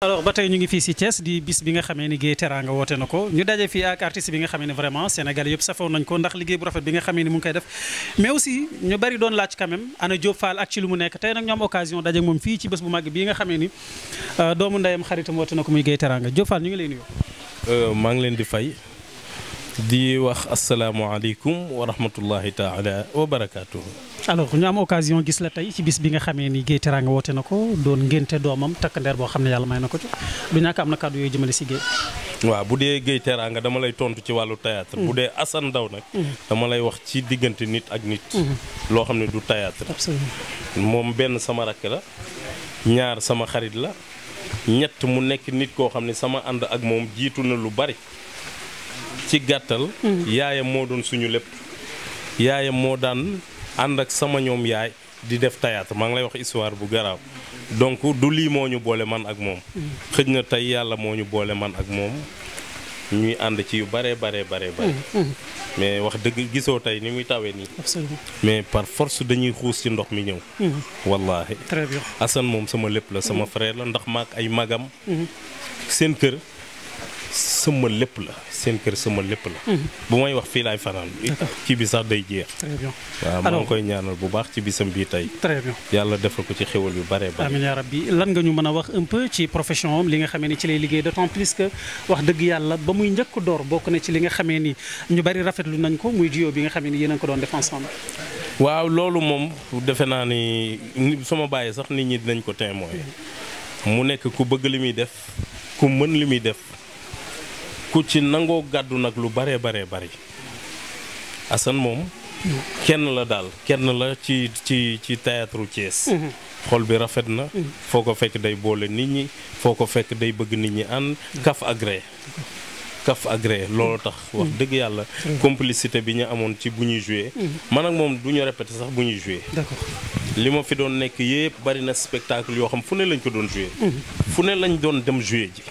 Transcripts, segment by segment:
alors ba tey ñu ngi fii si Thiès di bis bi nga xamee ni Gueye Teranga woote na ko ñu daje fii ak artiste bi nga xamee ne vraiment Sénégal yëpp safoon nañ ko ndax liggéey bu rafet bi nga xamee ni mu ngi koy def mais aussi ñu bari doon laaj quand ana Diop Fall ak ci lu mu nekk tey nag ñu am occasion daje moom fii ci bés bu mag bii nga xamee ni euh, doomu ndeyam xaritam woote na ko muy Gueye Teranga Diop Fall ñu ngi lay nuyu euh, maa ngi leen di fay di wax asalaamaaleykum wa rahmatullahi taala wa barakaatu. alors ñu am occasion gis la tey ci bis bi nga xamee ni Gueye Teranga woote na ko doon ngénte doomam takk ndeer boo xam ne yàlla may na ko ci du ñàkk am na kàddu yooyu jëmale si Gueye. waaw bu dee Gueye Teranga dama lay tontu ci wàllu théâtre bu mm. dee Assane Ndaw nag. Mm. dama lay wax ci diggante nit ak nit. Mm. loo xam ne du théâtre. moom benn sama rakk la ñaar sama xarit la ñett mu nekk nit koo xam ne sama ànd ak moom jiitu na lu bari. ci gàttal mhm. yaayam moo doon suñu lépp yaayam moo daan ànd ak sama ñoom yaay di def théâtre maa ngi lay wax histoire bu garaaw donc du lii moo ñu boole man ak moom mhm. xëj na tey yàlla moo ñu boole man ak moom ñuy ànd ci yu bare bare bare bare mhm, mais wax dëgg gisoo tey ni muy tawee nii mais par force dañuy xuus ci ndox mi ñëw wallaahi très moom sama lépp la sama frère la ndax maak ay magam seen kër sama lépp la seen kër sama lépp la. Mhm. bu may wax fii laay fanaan. kii bi sax day jeex. très bien waaw koy ñaanal bu baax ci bisam bii tey. très bien yàlla defal ko ci xéwal yu bare bare. amiin yaa rabbi lan nga ñu mën a wax un ci profession li nga xamee ni ci lay liggéey d'autant plus que wax dëgg ba muy njëkk door bokk na ci li nga xamee ni ñu bari rafetlu nañ ko muy duo bi nga xamee ni ne a ko doon def ensemble. waaw loolu moom defe naa ni sama bàyyi sax nit ñi dinañ ko témoin mhm. mu nekk ku bëgg li muy def ku mën li muy def. ku ci nangoo gàddu nag lu baree baree bari Assane moom kenn la daal kenn la ci ci ci théâtre Thiès mhm. xol bi rafet na mhm. foo ko fekk day boole nit ñi foo ko fekk day bëgg nit ñi ànd mhm. kaf agré kaf agré loolu tax wax dëgg yàlla complicité bi ñu amoon ci bu ñuy joué man ak moom du ñu répété sax bu ñuy joué d'accord li ma fi doon nekk yëpp bari na spectacle yoo xam fu ne lañ ko doon joué fu ne lañ doon dem joué ji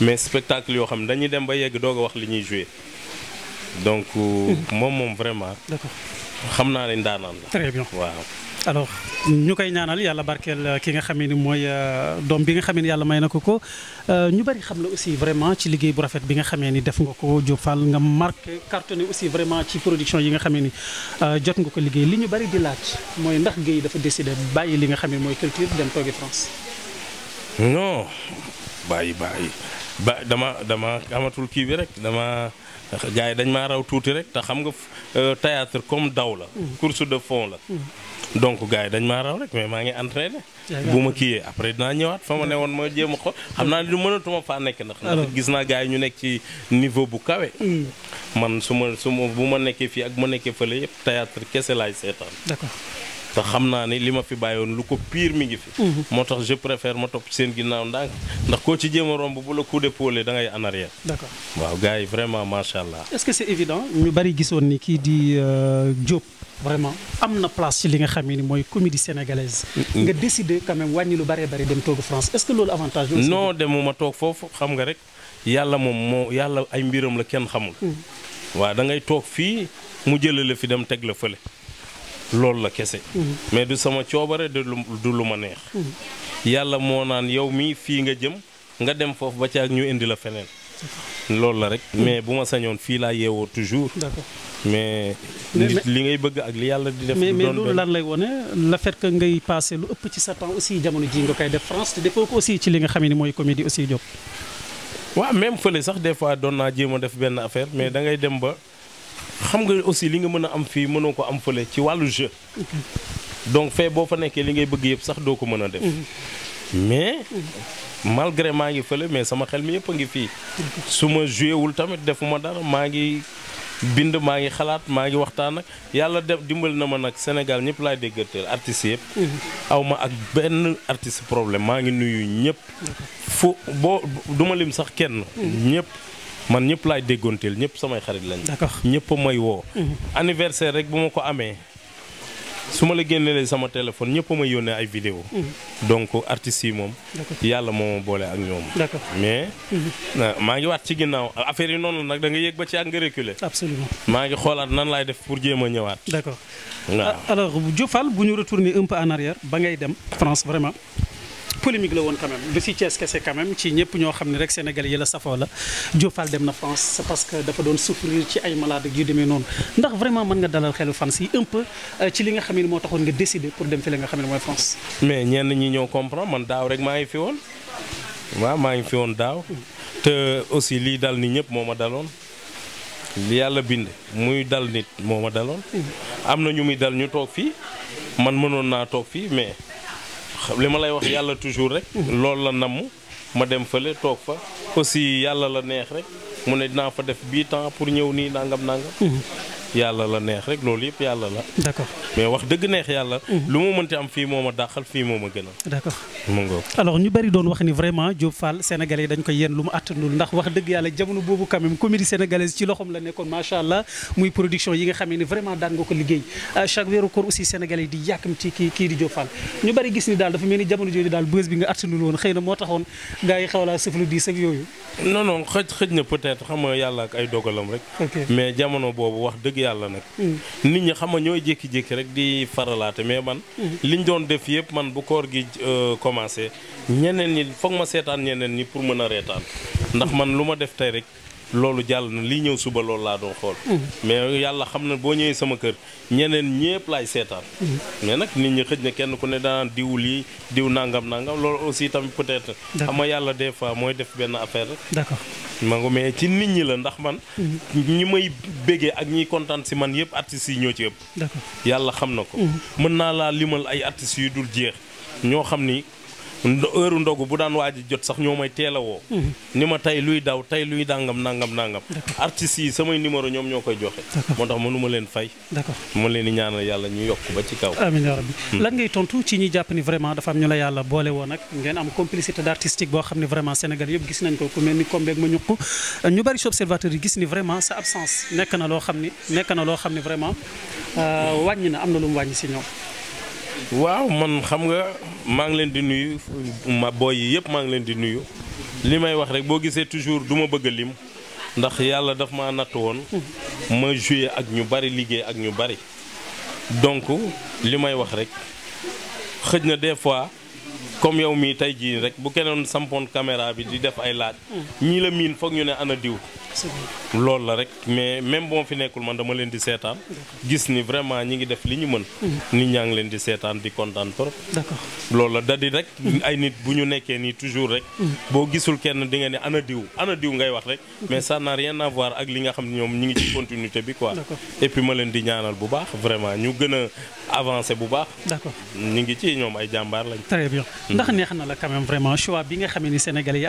mais spectacle yoo xam ne dañuy dem ba yegg doog a wax li ñuy joué donc. Euh, hmm. moom moom vraiment. d'accord xam naa ne ndaanaan la. très bien waaw. alors ñu koy ñaanal yàlla barkeel euh, ki nga xam ni mooy euh, doom bi nga xam ni yàlla may na ko ko ñu bari xam na aussi vraiment ci liggéey bu rafet bi nga xamee ni def nga ko Diop Fall nga marqué aussi vraiment ci production yi nga xam ni jot nga ko liggéey li ñu bari di laaj mooy ndax géey dafa décidé bàyyi li nga xam ni mooy culture dem toogi France. non bàyyi bàyyi. ba dama dama amatul kii bi rek dama gars yi dañ maa raw tuuti rek te xam nga euh, théâtre comme daw la course de fond la donc gars yi dañ maa raw rek mais maa ngi entraîné bu ma kiiyee après dinaa ñëwaat fa ma ne woon ma jéem a xool xam naa ne du mënatuma faa nekk ndax ndax gis naa gars yi ñu nekk ci niveau bu kawe hmm. man su ma su ma bu ma nekkee fii ak bu ma nekkee fële yëpp théâtre kese laay seetaan te xam naa ne li ma fi bàyyoon lu ko pire mi ngi fi. Mhm. moo tax je préfère ma topp seen ginnaaw ndànk ndax koo ci jéem a romb bu la coup d'épaule da ngay en arrière. d'accord waaw gars yi vraiment macha allah. est-ce que c'est évident bari gisoon ni kii di euh, Diop. vraiment am na place ci li nga xam ni mooy comédie sénégalaise. nga décider quand wàññi lu baree bari dem toog France est-ce que loolu avantage. non demuma toog foofu xam nga rek yàlla moom moo yàlla ay mbiram la kenn xamul. Mm. waaw da ngay toog fii mu jëlee la fi dem teg la loolu la kese. Mhm. mais du sama coobare du lu ma neex. Mhm. yàlla moo naan yow mii fii nga jëm nga dem foofu ba ak ñu indi la feneen. loolu la rek mhm. mais bu ma sañoon fii laa yeewoo toujours. d'accord mais. nit li ngay bëgg ak li yàlla di def. mais mais lan lay wone la fait que ngay passé lu ëpp ci sa temps aussi jamono ji nga koy def France te defoo ko aussi ci li nga xam ne mooy comédie aussi Diop. waaw même fële sax des doon naa jéem def benn affaire mais mm. da ngay dem ba. xam nga aussi li nga mën a am fii mënoo ko am fële ci wàllu jeu donc fee boo fa nekkee li ngay bëgg yëpp sax doo ko mën a def mais malgré maa ngi fële mais sama xel mi yëpp a ngi fii su ma joué wul tamit defuma dara maa ngi bind maa ngi xalaat maa ngi waxtaan ak yàlla def dimbali na ma nag Sénégal ñëpp laay déggateel artistes yëpp aw ma ak benn artiste problème maa ngi nuyu ñëpp fu boo duma lim sax kenn ñëpp man ñëpp laay déggoonteel ñëpp samay xarit lañ. d'accord ñëpp may woo. Mhm. anniversaire rek bu ma ko amee su ma la génnee sama téléphone ñëpp may yónnee ay vidéo mhm. donc artistes yi moom. yàlla moo ma boole ak ñoom. mais. Mhm. maa ngi waat ci ginnaaw affaire yi noonu nag da nga yéeg ba ci ak nga reculer. absolument maa ngi xoolaat nan laay def pour jéem a ñëwaat. d'accord waaw alors bu ñu retourner un en arrière ba ngay dem France vraiment. polémique la woon quand même du fi Thiès ci ñëpp ñoo xam ne rek Sénégal yi la safoo la Diop dem na France c'est parce que dafa doon souffrir ci ay malade yu demee noonu ndax vraiment mën nga dalal xelu fans yi un peu euh, ci li nga xam ne moo taxoon nga décider pour dem fi la nga xam ne mooy France. mais ñenn ñi ñoo comprendre man daaw rek maa ngi fi woon waaw maa ngi fi woon daaw te aussi lii dal ni ñëpp moo ma daloon yàlla bind muy dal nit moo ma daloon. Mm. na ñu muy dal ñu toog fii man mënoon naa fii mais. li ma lay wax yàlla toujours rek. loolu la namm ma dem fële toog fa aussi yàlla la neex rek mu ne dinaa fa def bii temps pour ñëw nii nangam nangam. Mhm. yàlla la neex rek loolu yëpp yàlla la. Mhm. lu ma mënti am fii moo ma dàqal fii moo ma gënal. d'accord mu ngoog alors ñu bari doon wax ni vraiment Diop Fall sénégalais dañ ko yéen lu mu attanul ndax wax dëgg yàlla jamono boobu nga xamee ni xëy na moo taxoon gars yi xaw laa sëflu diis ak yooyu. non non na peut-être xam ay dogalam rek. mais jamono boobu wax dëgg yàlla nag. Mm. nit ñi xam nga ñooy jékki-jékki rek di faralaate mais man. Mm. liñ doon def yëpp man bu koor gi euh, commencé ñeneen ñi foog ma seetaan ñeneen ñi pour mën a reetaan ndax man lu ma def tey rek. loolu jàll na lii ñëw suba loolu laa doon xool. Mm. mais yàlla xam na boo ñëwee sama kër ñeneen ñëpp laay seetaan. Mm. mais nag nit ñi xëj na kenn ku ne daan diw lii diw nangam nangam loolu aussi tamit peut-être. xam nga yàlla des fois mooy def benn affaire. d'accord ma mais ci nit ñi la ndax man. Mm. ñi may bégee ak ñi kontaan si man yëpp artistes yi ñoo ci ëpp. yàlla xam na ko. mën naa laa limal ay artistes yu dul jeex ñoo xam ni. heure ndogu bu daan waaj jot sax ñoo may teel a woo. Mhm. ni ma tey luy daw tey luy dàngam nangam nangam. artistes yi samay numéro ñoom ñoo koy joxe. moo tax mënu ma leen fay. d'accord ma leen di ñaanal yàlla ñu yokk ba ci kaw. amiin hmm. ngay tontu ci ñi jàpp ni vraiment dafa am ñu la yàlla boole woon nag ngeen am complicité d'artistique boo xam ne vraiment Sénégal yëpp gis nañ ko ku mel ni Kombeeg ma ñuq ñu bari ci observateur yi gis ni vraiment sa absence nekk na loo xam ni nekk na loo xam ni vraiment euh, wàññi na am na lu wàññi si ñoom. waaw man xam nga maa ngi leen di nuyu ma boy yi yëpp maa ngi leen di nuyu li may wax rek boo gisee toujours duma ma bëgg lim ndax yàlla daf ma natt woon ma joué ak ñu bari liggéey ak ñu bari donc li may wax rek xëj na des fois comme yow mii tey jii rek bu kenoon sampoon caméra bi di def ay laaj ñii la miin foog ñu ne ana diw loolu la rek mais même boo fi nekkul man dama leen di seetaan. gis ni vraiment ñi ngi def li ñu mën. Mhm. nit ñaa ngi leen di seetaan di kontaan trop. d'accord loolu la da di rek. Mhm. ay nit bu ñu nekkee nii toujours rek. Mhm. boo gisul kenn di nga ne ana diw ngay wax rek. mais ça n'a rien à ak li nga xam ne ñoom ñi ngi ci continuité bi quoi. et puis ma leen di ñaanal bu baax vraiment ñu gën a avancer bu baax. d'accord ñu ngi ci ñoom ay jàmbaar lañ. très bien ndax neex na la quand même bi nga xam ne Sénégalais yi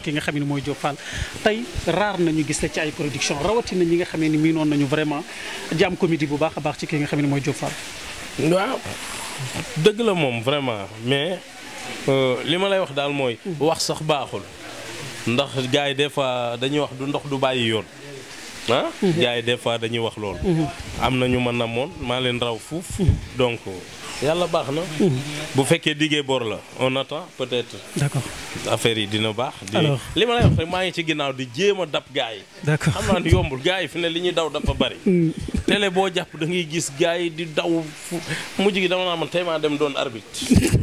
ki nga xam ne Fall tey raar nañu gis la ci ay production rawatina ñi nga xamee ni noon nañu vraiment di am comédie bu baax a baax ci ki nga xam ne mooy Diop Fall. waaw dëgg la moom vraiment mais euh, li ma lay wax daal mooy. Mm-hmm. wax sax baaxul. ndax gars yi des fois dañuy wax du ndox du bàyyi yoon. ah mm-hmm. gars yi dañuy wax loolu. Mm-hmm. am na ñu ma namoon maa leen raw fuuf donc. yàlla baax na. Mhm. bu fekkee diggee boor la on attend peut-être. d'accord affaire yi dina baax. alors li ma lay ngi ci ginnaaw di jéem a dab gars yi. xam naa ni yombul gars fi ne li ñuy daw dafa bari. Mhm. télé boo jàpp da ngay gis gars yi di daw mujj gi dama naa man tey maa dem doon arbitre.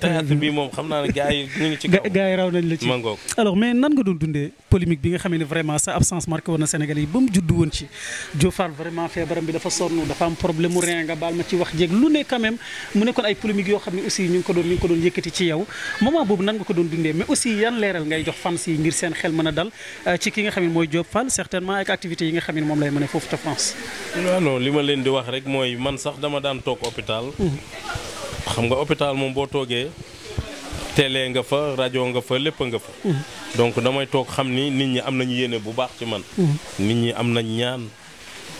parce bi moom xam naa ne gars yi ñu ngi raw nañ la ci mangoog alors mais nan nga doon dundee polémique bi nga xamee ne vraiment sa absence marqué woon na Sénégalais yi ba mu juddu woon ci. Diop Fall vraiment feebaram bi dafa sonn dafa am problème mu rein nga baal ma ci mu nekkoon ay polémique yoo xam ne aussi ñu ngi ko doon ñu ngi ko doon yëkkati ci yow moment boobu nan nga ko doon dundee mais aussi yan leeral ngay jox fans yi ngir seen xel mën a dal euh, ci ki nga xam ne mooy Diop Fall certainement ak xam ne moom lay mën a foofu te France non li ma leen di wax rek mooy man sax dama daan toog hôpital mhm. xam nga hôpital moom boo toogee télé nga fa rajo nga fa lépp nga fa mhm. donc damay toog xam ni nit ñi am nañu yéene bu baax ci man mhm. nit ñi am nañ ñaan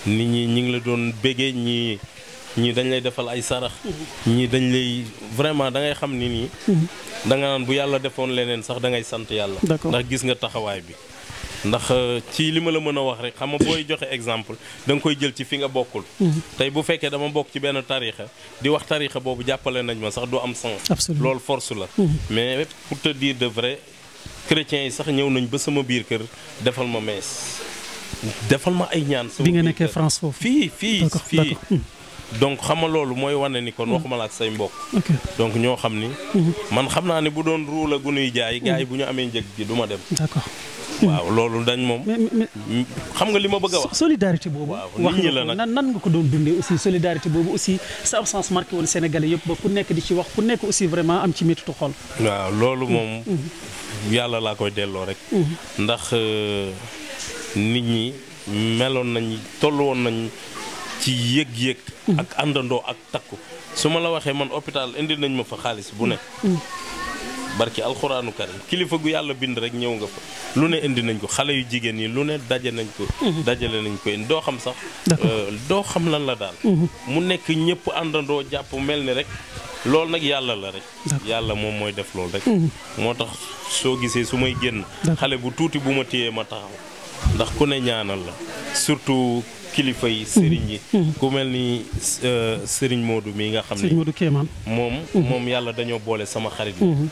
nit ñi ñi ngi la doon béggee ñi ñii dañ lay defal ay sarax ñii dañ lay vraiment da ngay xam ni nii danga nga naan bu yàlla defoon leneen sax da ngay sant yàlla ndax gis nga taxawaay bi ndax euh, ci li ma la mën a wax rek xam nga booy joxe exemple da nga koy jël ci fi nga bokkul mhm. tey bu fekkee dama bokk ci benn tarixa di wax tarixa boobu jàppale nañ ma sax du am sens lool force la mhm. mais pour te dire de vrai chrétiens yi sax ñëw nañ ba sama biir kër defal ma mees defal ma ay ñaan bi nga fii mhm. donc xam nga loolu mooy wane ni kon hmm. waxuma la ak say mbokk. donc ñoo xam ni. Hmm. man xam naa ne bu doon ruula gu nuy jaay. Hmm. gars yi bu ñu amee njëg gi du ma dem. d'accord waaw loolu dañ moom. xam nga li ma bëgg a wax. solidarité boobu. waaw nit ñi la nag nan nan nga ko doon dundee aussi solidarité boobu aussi sa absence marqué woon Sénégalais yëpp ba ku nekk di ci wax ku nekk aussi vraiment am ci méttiitu xol. loolu moom. yàlla laa koy delloo rek. ndax euh, nit ñi meloon nañ tollu woon nañ. ci yëg-yëg. ak àndandoo ak takku su ma la waxee man hôpital indi nañ ma fa xaalis bu ne. barki alxuraanu karim kilifa gu yàlla bind rek ñëw nga fa lu ne indi nañ ko xale yu jigéen yi lu ne daje nañ ko. Mhm. dajale nañ ko doo xam sax. Euh, doo xam lan la daal. Mhm. mu nekk ñëpp àndandoo jàpp mel ni rek. loolu nag yàlla la rek. yàlla moom mooy def loolu rek. Mhm. moo tax soo gisee su may génn. xale bu tuuti bu ma téyee ma taxaw. ndax ku ne ñaanal la kilifa yi sëriñ yi ku mel ni euh, sëriñ Modou mii nga xam ne sëriñ Modou Kéemaan moom mhm. moom yàlla dañoo boole sama xarit la mhm.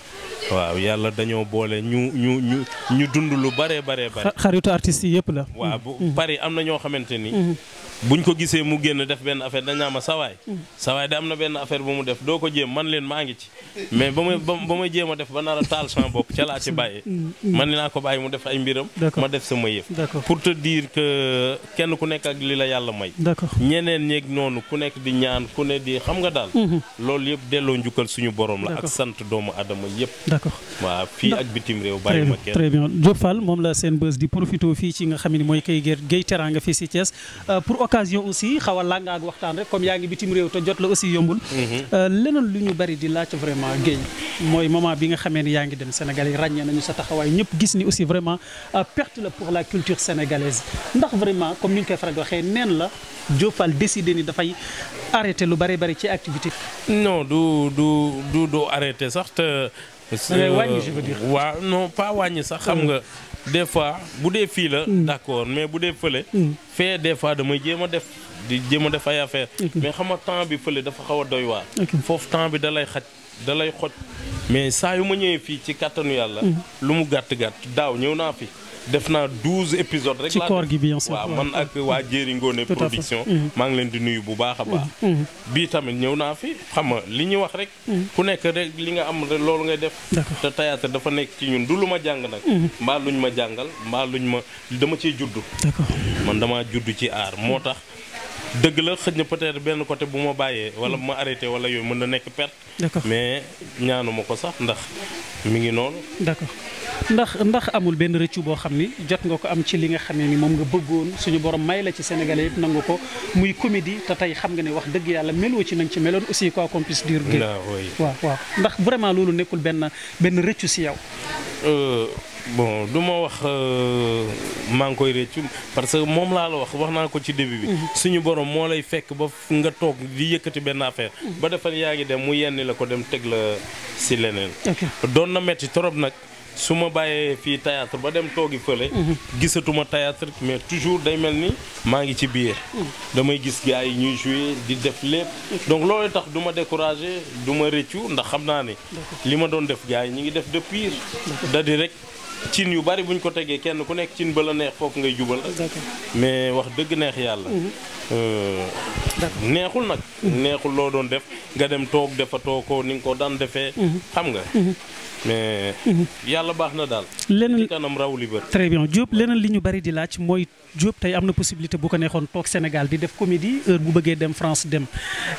waaw yàlla dañoo boole ñu ñu ñu ñu dund lu bare bare bare xaritu artistes yi yëpp la waaw mhm. am na ñoo xamante ni buñ ko gisee mu génn def benn affaire dañaa ma sawaay sawaay da am na benn affaire bu mu def doo ko jéem man leen maa ngi ci mais ba may ba may jéem a def ba nar a taal sama bopp ca laa ci bàyyee mm, mm, mm. man naa ko bàyyi mu def ay mbiram ma def sama yëf pour te dire kenn ku nekk ak li la yàlla may ñeneen ñeeg noonu ku nekk di ñaan ku ne di xam nga daal mm-hmm. loolu yëpp delloo njukkal suñu boroom la ak sant doomu adama yëpp waaw fii ak bitim réew bàyyi ma kenn très bien occasion aussi xaw a langaag waxtaan rek comme yaa ngi bitim réew te jot la aussi yombul. Mhm. Euh, leneen lu ñu bari di laaj vraiment Guèye mooy moment bi nga xamee ni yaa ngi dem Sénégal yi ràññee nañu sa taxawaay ñëpp gis ni aussi vraiment euh, perte la pour la culture sénégalaise ndax vraiment comme ni ñu koy faral di waxee neen la Diop Fall décidé ni dafay arrêté lu bari bari ci activité. non du du du du arrêté sax te. Euh, waaw non pas wàññi sax xam nga. des fois bu dee fii la. Mm. d'accord mais bu dee fële. Mm. fee des fois damay jéem a def di jéem a def ay affaire mais xam nga temps bi fële dafa xaw a doy waar. foofu temps bi dalay xaj da lay xoj. mais saa yu ma ñëwee fii ci kàttanu yàlla. Mm. lu mu gàtt gàtt daaw ñëw naa fi. def naa douze épisodes rek. ci koor gi bi waaw man ak waa Jéeri Ngoone production. Mm-hmm. maa ngi leen di nuyu bu baaxa baax. Mm-hmm. Mm-hmm. bii tamit ñëw naa fi xam nga li ñu wax rek. ku nekk rek li nga am loolu ngay def. te théâtre dafa nekk ci ñun du lu ma jàng nag. mbaa luñ ma jàngal mbaa luñ ma dama ciy juddu. man damaa juddu ci aar moo tax. dëgg la xëj na peut-être benn côté bu ma bàyyee wala bu ma arrêté wala yooyu mën na nekk perte. mais ñaanuma ko sax ndax mi ngi noonu. d'accord. ndax ndax amul benn rëccu boo xam ni jot nga ko am ci li nga xamee ni moom nga bëggoon suñu borom may la ci sénégalais yëpp nangu ko muy comédie te tey xam nga ne wax dëgg yàlla meloo ci nanga ci meloon aussi quoi qu'on puisse dire gé waaw waaw ndax vraiment loolu nekkul benn benn rëccu si yow euh, bon du ma wax euh, maa ngi koy réccu parce que moom laa la wax wax naa ko ci début bi. Mhm. suñu borom moo lay fekk ba nga toog di yëkkati benn affaire. Mhm. ba defal yaa ngi dem mu yenni la ko dem teg la si leneen. doon na metti trop nag. su ma bàyyee fii théâtre ba dem toogi fële gisatuma théâtre mais toujours day mel ni maa ngi ci biir damay gis gars yi ñuy jouer di def lépp donc loolu tax du ma découragé du ma rëccu ndax xam naa ne li ma doon def gars yi ñu ngi def de pire di rek cin yu bari bu ñu ko tegee kenn ku nekk cin ba la neex foofu ngay jubal rek mais wax dëgg neex yàlla mhm. euh, neexul nag. neexul loo doon def nga dem toog defatoo ko ni nga ko daan defee. Mhm. xam nga. Mhm. mais. Mhm. yàlla baax na daal. leneen ci kanam raw li bër. très bien Diop leneen li ñu bari di laaj mooy Diop tey am na possibilité bu ko neexoon toog Sénégal di def comédie heure bu bëggee dem France dem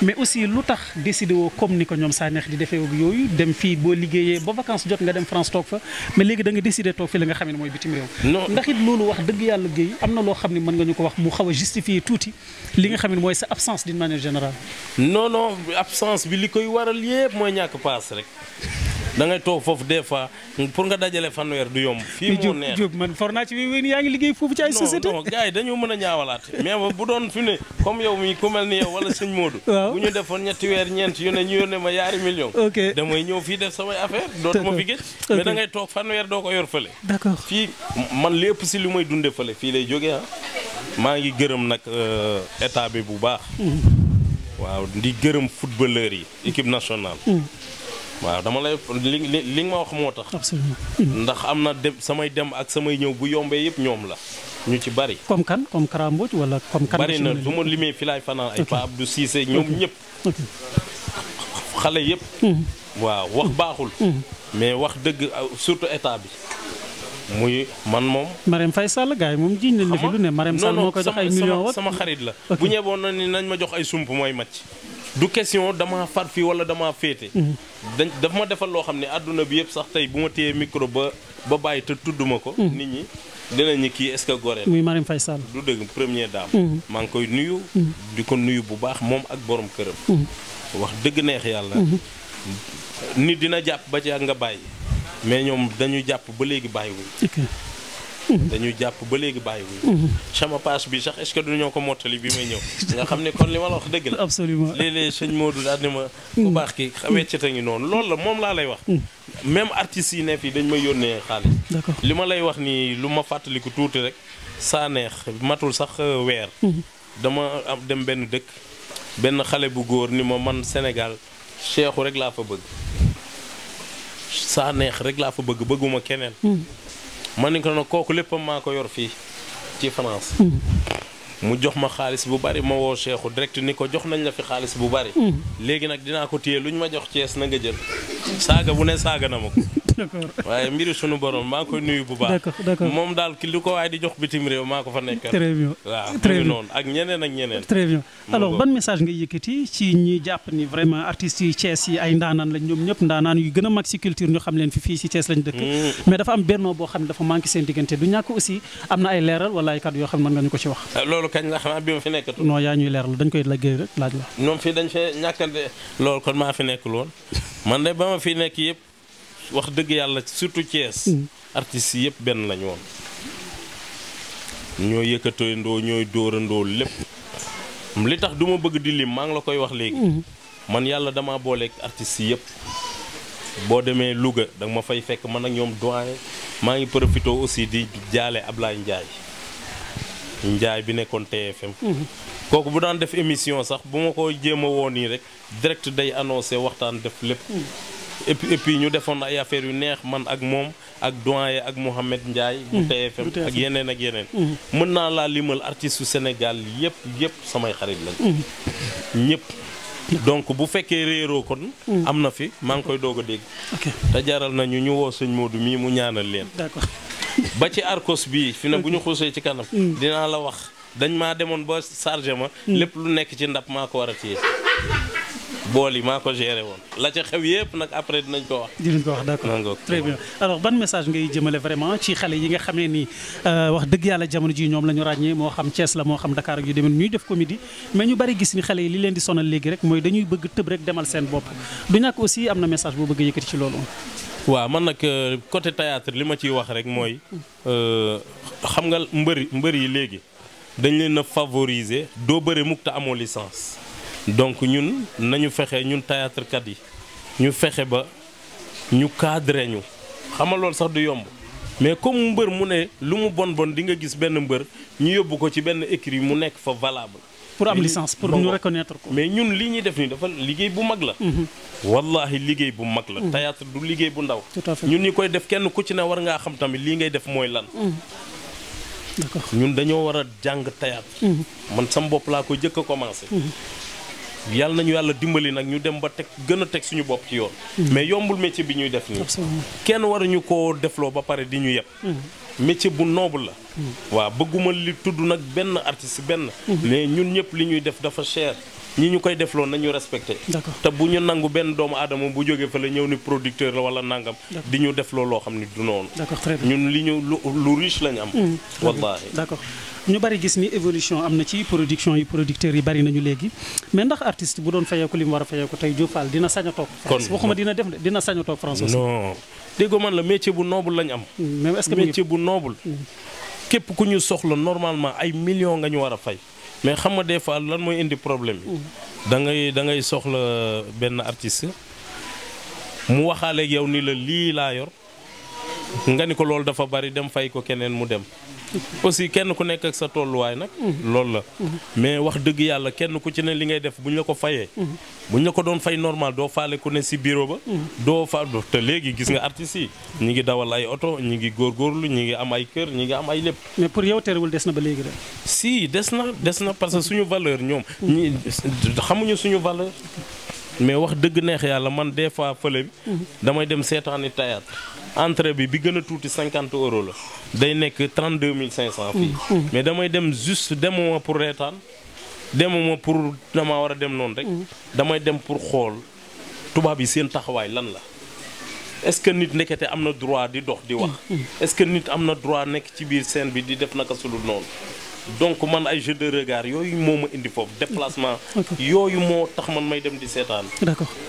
mais aussi lu tax décidé woo comme ni ko ñoom saa neex di defee ak yooyu dem fii boo liggéeyee ba vacances jot nga dem France toog fa mais léegi da nga décidé toog fi la nga xam ne mooy bitim réew. non yàlla Guèye am na loo xam ne mën nga ñu ko wax mu xaw absence d'une manière générale. non non absence bi li koy waral yëpp mooy ñàkk paas rek. da ngay toog foofu des fois pour nga dajale fanweer du yomb. fii moo neex Diop man for naa ci wii yaa ngi liggéey foofu ci ay. société non non mën a ñaawalaat. mais bu doon fi ne comme yow mi ku mel ni yow wala sëñ Modou. waaw bu ñu defoon ñetti weer ñeent yu ne ma yaari million. ok damay ñëw fii def samay affaire dootuma fi gëj. mais da ngay toog fanweer doo ko yor fële. d'accord fii man lépp si lu may maa ngi gërëm nag euh, état bi bu baax. waaw di gërëm footballeur yi équipe nationale. Mm. waaw dama lay li li nga ma wax moo tax. Mm. ndax am na dem samay dem ak samay ñëw bu yombee yëpp ñoom la ñu ci bari. comme kan comme Karambooj wala comme. kan bari na ma limee fi laay fanaan ay Pa Abdou Cissé ñoom ñëpp. xale yëpp. Mm. waaw wax baaxul. mais wax dëgg surtout état bi. muy man moom. Marème fay Sall gars yi moom jiñ nañ la fi ah lu ne Marème Sall moo ko jox ay millions wat sama xarit la. bu ñëwoon na ni nañ ma jox ay sump mooy màcc. du question damaa far fii wala damaa féete. Mhm. dañ daf ma defal loo xam ne àdduna bi yëpp sax tey bu ma téyee micro ba ba bàyyi te tudd ma ko. Mhm. nit ñi dinañu kii est-ce que goreel. muy Marème Faye Sall. du dëgg première dame. Mhm. maa ngi koy nuyu. di ko nuyu bu baax moom ak boroom këram. wax dëgg neex yàlla. nit dina jàpp ba ca nga bàyyi. mais ñoom dañu jàpp ba léegi bàyyiwuñ dañu jàpp ba léegi bàyyiwuñ mhm. sama paas bi sax est-ce ñoo ko mottali bi may ñëw nga xam ne kon li ma la wax dëgg la absolument léeg-léeg sëñ Modou daal ma ku mhm. baax ki mhm. weccet a ngi noonu loolu la moom laa lay wax même artistes yi ne fii dañ may yónnee xaalis li ma lay wax nii lu ma fàttaliku tuuti rek saa neex matul sax euh, weer dama am dem benn dëkk benn xale bu góor ni ma man Sénégal Cheikhou rek laa fa bëgg saa neex rek laa fa bëgg bëgguma keneen. Hmm. man ni ko nag kooku léppam maa ko yor fii ci France. Hmm. mu jox ma xaalis bu bari ma woo Cheikhou direct ni ko jox nañ la fi xaalis bu bari. Hmm. léegi nag dinaa ko téye lu ñu ma jox Cees na nga jël saaga bu ne saaga na ma ko. d'accord waaye mbiru sunu borom maa ngi koy nuyu bu baax. d'accord d'accord moom daal ki lu ko waaye di jox bitim réew maa ko fa nekkal. très ñëpp ndaanaan yu gën a mag ci culture ñu xam leen fi fii ci Thiès lañ dëkk. Mm. ne dafa manqué na ko ci wax. Euh, loolu kañ la xanaa bi ma fi nekkatu. non yaa ñuy leeral dañ koy liggéey man de ba ma fi nekk yëpp wax dëgg yàlla surtout Thiès. Mm. artist yi yëpp benn lañ woon. ñoo yëkkatandoo ñooy dóorandoo lépp. li tax duma bëgg di lim maa ngi la koy wax léegi. Mm. man yàlla dama booleek artist yi yëpp. boo demee Louga da ma fay fekk man ak ñoom doyen maa ngi profité aussi di jaale Ablaye Ndiaye. njaay bi nekkoon TFM. Mm. kooku bu daan def émission sax bu ma ko jéem a woo nii rek direct day annoncé waxtaan def lépp. et puis et ñu defoon ay affaires yu neex man ak moom ak doyen ak Mouhamed Ndiaye. bu TFM mm-hmm. ak yeneen ak yeneen. Mm-hmm. mën naa laa limal artistes yu Sénégal yëpp yëpp samay xarit lañ. Mm-hmm. ñëpp. donc bu fekkee réeroo kon. am na fi maa ngi koy doog a dégg. te jaral na ñu woo sëñ moodu mii mu ñaanal leen. d'accord ba ci arcos bii fi ne bu ñu xuusee ci kanam. Mm. dinaa la wax dañ maa demoon ba chargé ma. Mm. lépp lu nekk ci ndap maa ko war a téye. bool yi maa ko géré woon la ca xew yëpp nag après dinañ ko wax. dinañ ko wax d'accord très bien alors ban message ngay jëmale vraiment ci xale yi nga xame ni euh, wax dëgg yàlla jamono ji ñoom la ñu ràññee moo xam Thiès la moo xam Dakar ak yu demee ñuy def comédie mais ñu bari gis ni xale yi li leen di sonal léegi rek mooy dañuy bëgg tëb rek demal seen bopp du ñàkk aussi am na message boo bëgg yëkkati ci loolu. waaw man nag euh, côté théâtre li ma ciy wax rek mooy euh, xam nga mbër mbër yi léegi dañ leen favoriser doo bëri mukk te amoo licence. donc ñun nañu fexe ñun théâtre kat yi ñu fexe ba ñu cadré ñu xamal loolu sax du yomb mais comme mbër mu ne lu mu bon bon di nga gis benn mbër ñu yóbbu ko ci benn écrit mu nekk fa valable. pour am licence pour ñu reconnaître ko. mais ñun li ñuy def nii dafa liggéey bu mag la. Mhm. wallahi liggéey bu mag la. Mhm. théâtre du liggéey bu ndaw. ñun ñi koy def kenn ku ci ne war ngaa xam tamit lii ngay def mooy lan. Mhm. ñun dañoo war a jàng théâtre man sama bopp laa ko jëkk a commencé. yàlla nañu yàlla dimbali nag ñu dem ba teg gën a teg suñu bopp ci yoon. Hmm. mais yombul métier bi ñuy def nii. kenn waruñu koo defloo ba pare di ñu yeb. Hmm. métier bu noble la. Hmm. waa bëgguma li tudd nag benn artiste benn. mais ñun ñëpp li ñuy def dafa cher. ñi ñu koy defloo nañu respecté te bu ñu nangu benn doomu aadama bu jógee fa la ñëw ni producteur la wala nangam di ñu defloo loo xam ni du noonu ñun li ñu lu riche lañu am hmm. wallaahi d'accord ñu bari gis ni évolution am na ci production yi producteurs yi bari nañu léegi mais ndax artiste bu doon fayeeku li mu war a fayeeku tey Diop dina sañ a toog France waxuma dina def dina sañ a toog France man la métier bu noble lañu am même est que métier bu noobul hmm. képp ku ñu soxla normalement ay millions nga ñu war a fay mais xam nga des fois lan mooy indi problème yi. da ngay da soxla benn artiste mu waxaaleeg yow ni la lii laa yor nga ni ko loolu dafa bari dem fay ko keneen mu dem. aussi kenn ku nekk ak sa tolluwaay nag. loolu la. mais wax dëgg yàlla kenn ku ci ne li ngay def bu ñu la ko fayee. bu ñu la ko doon fay normal doo faale ku ne si bureau ba. doo fa te léegi gis nga artistes yi ñi ngi dawal ay oto ñi ngi góor góorgóorlu ñi ngi am ay kër ñi ngi am ay lépp. mais pour yow terewul des na ba léegi de. si des na des na parce que suñu valeur ñoom. ñi xamuñu suñu valeur. mais wax dëgg neex yàlla man des fois fële bi. damay dem seetaani théâtre entrée bi bi gën a tuuti cinquante euros la day nekk trente deux mille cinq cent fii mm, mm. mais damay dem juste demuma pour reetaan demuma pour dama war a dem noonu rek mm. damay dem pour xool tubaab yi seen taxawaay lan la est-ce que nit ndekete am na droit di dox di wax est-ce que nit am na droit nekk ci biir seen bi di def naka sulu noonu donc man ay jeu de regard yooyu moo ma indi foofu déplacement. yooyu moo tax man may dem di seetaan.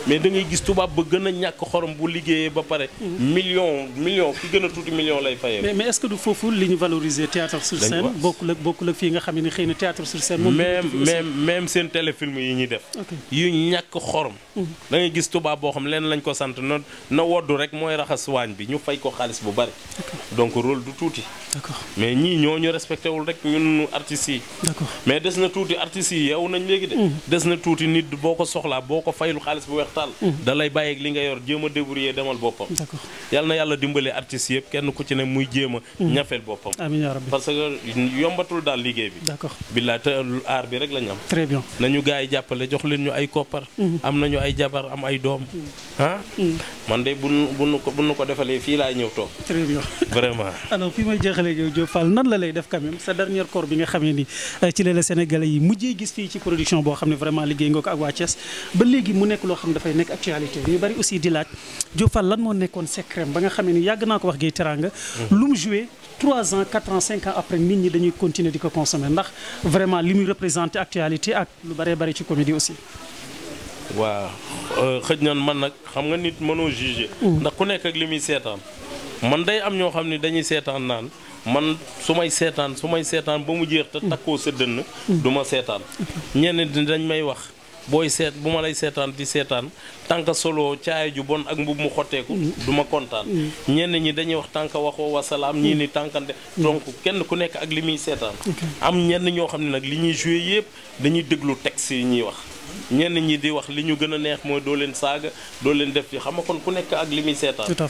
mais da gis tubaab ba gën a ñàkk xorom bu liggéeyee ba pare. Mm-hmm. million million ki gën a tuuti million lay fayee. mais mais du foofu li ñu valoriser théâtre sur scène. bokkul ak bokkul ak fii nga xam ne xëy na théâtre sur scène. moom seen téléfilm yi ñuy def. yu ñàkk xorom. Mm-hmm. da gis tubaab boo xam leen lañ ko sant na na woddu rek mooy raxas waañ bi ñu fay ko xaalis bu bari. sunu artistes yi. d'accord mais des na tuuti artistes yi yow nañ léegi de. Mm. des na tuuti nit boo ko soxlaa boo ko faylu xaalis bu weex taal. Mm. da bàyyi li nga yor jéem a débrouiller demal boppam. d'accord yal na yàlla dimbale artistes yëpp kenn ku ci ne muy jéem a. Mm. ñafeel boppam. amiin yaa rabbi parce que yombatul daal liggéey bi. d'accord bilaa te bi rek la ñu am. très bien nañu gars yi jàppale jox leen ñu ay koppar. am nañu ay jabar am ay doom. ah man de bu buñ ko buñ ko defalee fii laay ñëw toog. très bien vraiment fi may jeexalee yow Diop bi nga xam ne ni euh, ci la la Sénégalais yi mujjee gis fii ci production boo xam ne vraiment liggéey nga ko ak waa Thiès ba léegi mu nekk loo xam ne dafay nekk actualité ñu bari aussi di laaj Diop Fall lan moo nekkoon secret ba nga xam ne ni yàgg naa ko wax Gueye Teranga mm-hmm. lu mu joué 3 ans 4 ans 5 ans après nit ñi dañuy continuer di ko consommer ndax vraiment li muy représenté actualité ak lu bëree bëri ci comédie aussi waaw euh, xëj na man nag xam nga nit mënoo juger mm. ndax ku nekk ak li muy seetaan man day am ñoo xam ne dañuy seetaan naan man su may seetaan su may seetaan ba mu jeex te takkoo sa dënn du ma seetaan ñenn dañ may wax booy seet bu ma lay seetaan di seetaan tànk solo caaya ju bon ak mbub mu xotteeku du ma kontaan ñenn ñi dañuy wax tànk waxoo wasalaam ñii ni tànkante donc kenn ku nekk ak li muy seetaan am ñenn ñoo xam ne nag li ñuy joué yëpp dañuy déglu texte yi ñuy wax ñeen ñi di wax li ñu gën a neex mooy doo leen saaga doo leen def ci xam nga kon ku nekk ak li muy seetaan. tout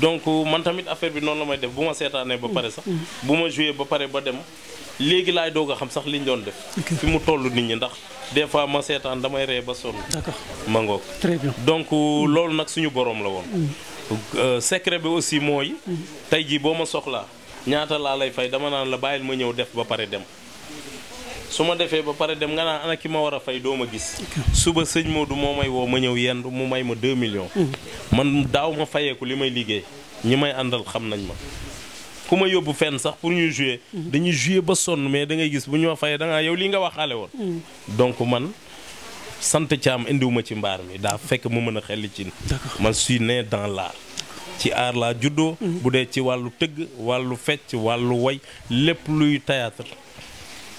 donc man tamit affaire bi noonu la may def bu ma seetaanee ba pare sax. Mm. bu ma joué ba pare ba dem léegi laay doog a xam sax liñ doon def. fi mu toll nit ñi ndax des fois ma seetaan damay ree ba sonn. d'accord ma ngoog. très donc loolu nag suñu boroom la woon. Mm. Euh, secret bi aussi mooy. Mm. tey jii boo ma soxlaa ñaata laa lay fay dama naan la bàyyil ma ñëw def ba pare dem. su ma defee ba pare dem nga naan ana ki ma war a fay doo ma gis. suba sëñ Modou moo may woo ma ñëw yendu mu may ma 2 millions. man daaw ma fayeeku li may liggéey ñi may àndal xam nañ ma. ku ma yóbbu fenn sax pour ñuy jouer. dañuy jouer ba sonn mais da ngay gis bu ñu ma fayee da yow lii nga wax waxaale woon. Mm. donc man. sant caam indiwuma ci mbaar mi daa fekk mu mën a xelli ci man suis né dans l'art ci aar laa juddoo mm. bu dee ci wàllu tëgg wàllu fecc wàllu woy lépp luy théâtre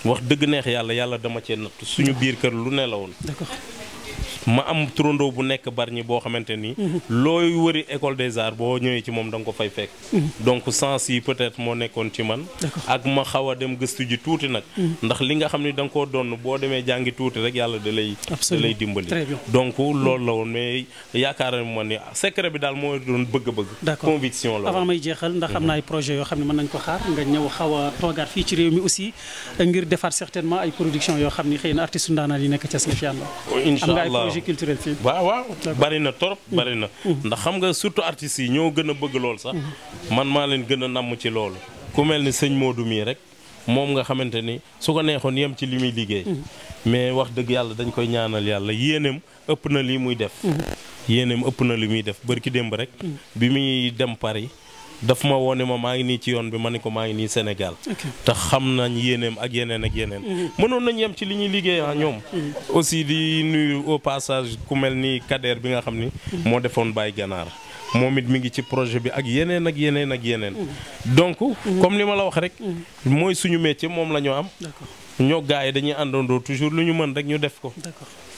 wax dëgg neex yàlla yàlla dama cee natt suñu biir kër lu ne la woon. ma am turandoo bu nekk Bargny boo xamante ni. Mhm. looy wëri école des arts boo ñëwee ci moom da ko fay fekk. Mhm. donc sens yi peut-être moo nekkoon ci man. ak ma xaw a dem gëstu ji tuuti nag. Mhm. ndax li nga xam ni da nga koo boo demee jàngi tuuti rek yàlla da lay. da lay dimbali donc lool la woon mais yaakaar ma ni secret bi daal moo doon bëgg-bëgg. conviction la avant may jeexal ndax am na ay projet yoo xam ne mën nañ ko xaar nga ñëw xaw a toogaat fii ci réew mi aussi ngir defar certainement ay production yoo xam ni xëy na artiste ndaanaan yi nekk ca Safiyaan oh, la. régie culturelle fii waaw waaw bari na trop mm. bari na mm. ndax xam nga surtout artistes yi ñoo gën a bëgg lool sax mm. man maa leen gën a namm ci loolu ku mel ni sëñ Modou mii rek moom nga xamante ni su ko neexoon yem ci li muy liggéey mais wax dëgg yàlla dañ koy ñaanal yàlla yéeneem ëpp na lii muy def yéeneem ëpp na li muy def bërki démb rek bi muy dem Paris daf ma woone ma maa ngi nii ci yoon bi ma ne ko maa ngi nii Sénégal te xam nañ yéeneem ak yeneen ak yeneen mhm. mënoon nañ yem ci li ñuy liggéey ah ñoom mhm. Mhm. aussi di nuyu au passage ku mel ni Kader bi nga xam ni moo defoon bàyyi ganaar moom it mi ngi ci projet bi ak yeneen ak yeneen ak yeneen donc comme li ma la wax rek mooy suñu métier moom la ñu am ñoo yi dañuy àndandoo toujours lu ñu mën rek ñu def ko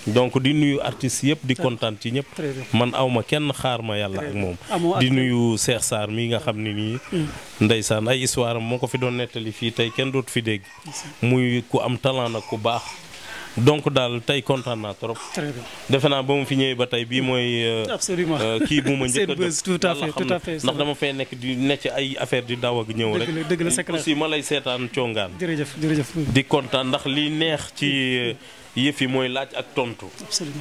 donc di nuyu artistes yëpp di ah, kontaan ci ñëpp. man aw ma kenn xaar ma yàlla ak moom. di nuyu Cheikh Sarr mii nga xam ne nii. Hmm. ndeysaan ay histoire am moo ko fi doon nettali fii tey kenn dootu fi dégg. muy ku am talent nag ku baax. donc daal tey kontaan naa trop. très defe naa ba mu fi ñëwee ba tey bii mooy. Euh, absolument euh, kii bu ma njëkk a def tout à fait tout à ndax dama fay nekk di ne ci ay affaire di daw ak ñëw rek. dëgg la dëgg la ma lay seetaan congaan. jërëjëf di kontaan ndax li neex ci. Hmm. yëf yi mooy laaj ak tontu.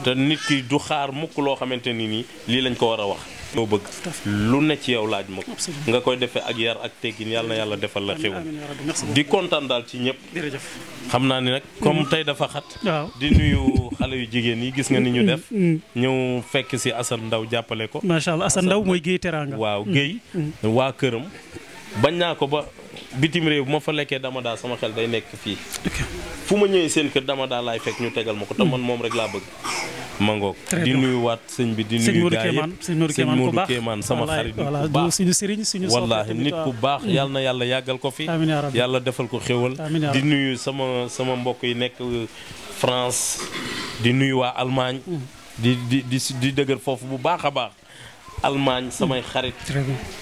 te nit ki du xaar mukk loo xamante ni nii lii lañ ko war a wax. loo bëgg lu ne ci yow laaj ma ko nga koy defee ak yar ak teggin yàlla yàlla defal la xéwal di kontaan daal ci ñëpp. xam naa ni nag comme mm-hmm. tey dafa xat. di nuyu xale yu jigéen yi gis nga ni ñu mm-hmm. def. Mm-hmm. ñëw fekk si Assane Ndaw jàppale ko. macha allah Assane Ndaw mooy Guèye Teranga. waaw Guèye waa këram bañ naa ko ba. bitim réew bu ma fa lekkee dama daa sama xel day nekk fii fu ma ñëwee seen kër dama daa laay fekk ñu tegal ma ko te hmm. man moom rek laa bëgg mangoog di nuyu waat sëñ bi di nuyu gaa yëpp sëñ Modou Kéemaan sama xarit bu baax suñu sëriñ suñu wallaahi nit ku baax yàlla na yàlla yàggal ko fi yàlla defal ko xéwal di nuyu sama sama mbokk yi nekk euh, France di nuyu waa Allemagne hmm. di di di di dëgër foofu bu baax a baax Allemagne samay hmm. xarit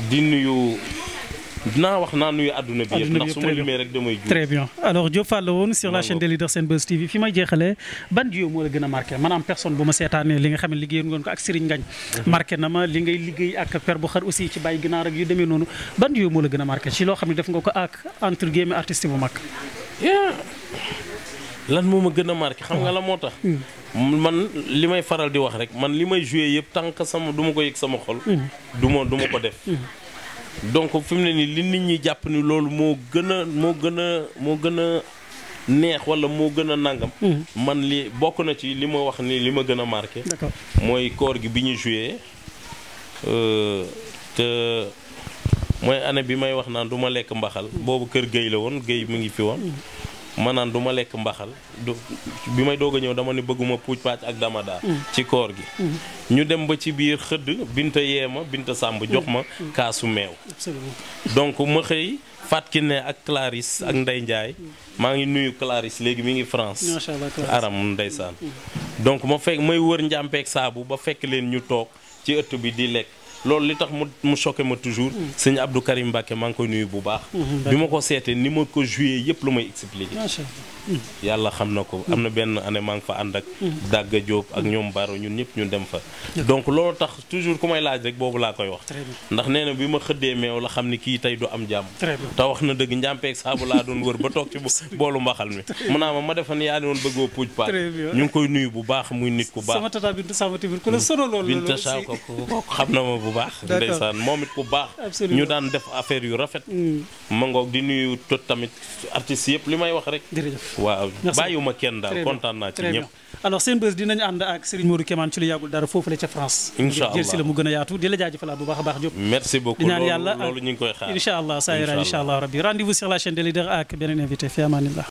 di nuyu dinaa wax naa nuyu àdduna bi yëpp ndax su ma limee rek damay juum très bien alors Diop Fall la woon sur la chaîne des leaders Senbuzz TV fi may jeexalee ban jiw moo la gën a marqué maanaam personne bu ma seetaanee li nga xam ne liggéeyoon ngeen ko ak Serigne Ngagne mhm. marqué na ma li ngay liggéey ak per bu xar aussi ci bàyyi ginaar ak yu demee noonu ban jiw moo la gën a marqué ci loo xam ne def nga ko ak entre guillemets artiste bu mag lan moo ma gën a marqué xam nga ah. la moo tax mm. man li may faral di wax rek man li may joué yëpp tànk sama du ma ko yëg sama xol mm. du ma du ma ko def mm. donc fi mu ne nii li nit ñi jàpp ni loolu moo gën a moo gën a moo gën a neex wala moo gën a nangam. Mhm. man li bokk na ci li ma wax ni li ma gën a marqué. mooy koor gi bi ñu joué euh, te mooy année bi may wax naa du ma lekk mbaxal. boobu kër géy la woon géy mu ngi fi woon. Mhm. ma naan du lekk mbaxal du bi may doog a ñëw dama ne bëgguma puuj pàcc ak damada mm. ci koor gi mm. ñu dem ba ci biir xëdd binta ma binta sàmb jox ma mm. kaasu meew donc ma xëy Faat ne ak Clarisse ak Ndey maa ngi nuyu Clarisse léegi mi ngi France aram ndeysaan donc ma fekk may wër njàmpeek saabu ba fekk leen ñu toog ci ëtt bi di lekk loolu li tax mu mu choqué ma toujours hmm. sëñ Abdou Karim Mbacke maa ngi koy nuyu bu baax hmm, bi ma ko seete ni ma ko joué yëpp lu may expliqué hmm. yàlla xam na ko am na benn année maa ngi fa ànd ak Dagga Diop ak ñoom Baro ñun ñëpp ñu dem fa donc loolu tax toujours ku may laaj rek boobu laa koy wax ndax nee na bi ma xëddee meew la xam ni kii tey du am jàmm te wax na dëgg njàmpeeg saabu laa doon wër ba toog ci boolu mbaxal mi mun naa ma ma defa ne yaa ni woon bëggoo puuj koy nuyu bu baax muy nit ku baax sama tata Binta Samba tamit ku la sonaloon loolu Binta Samba ko baax. ndeysaan moom it ku baax. ñu daan def affaire yu rafet. Mm. ma ngoog di nuyu tot tamit artistes yëpp li may wax rek. jërëjëf kenn daal kontaan ci ñëpp. alors seen bés dinañ ànd ak Serigne Modou Kémane ci lu yàggul dara foofu la ca France. incha allah jël si la mu gën a yaatu di la jaajëfalaat bu baax a baax Diop. merci beaucoup loolu loolu ñu ngi koy xaar incha allah saa yira allah rabbi rendez-vous sur la chaîne des leaders ak beneen invité fi amanillah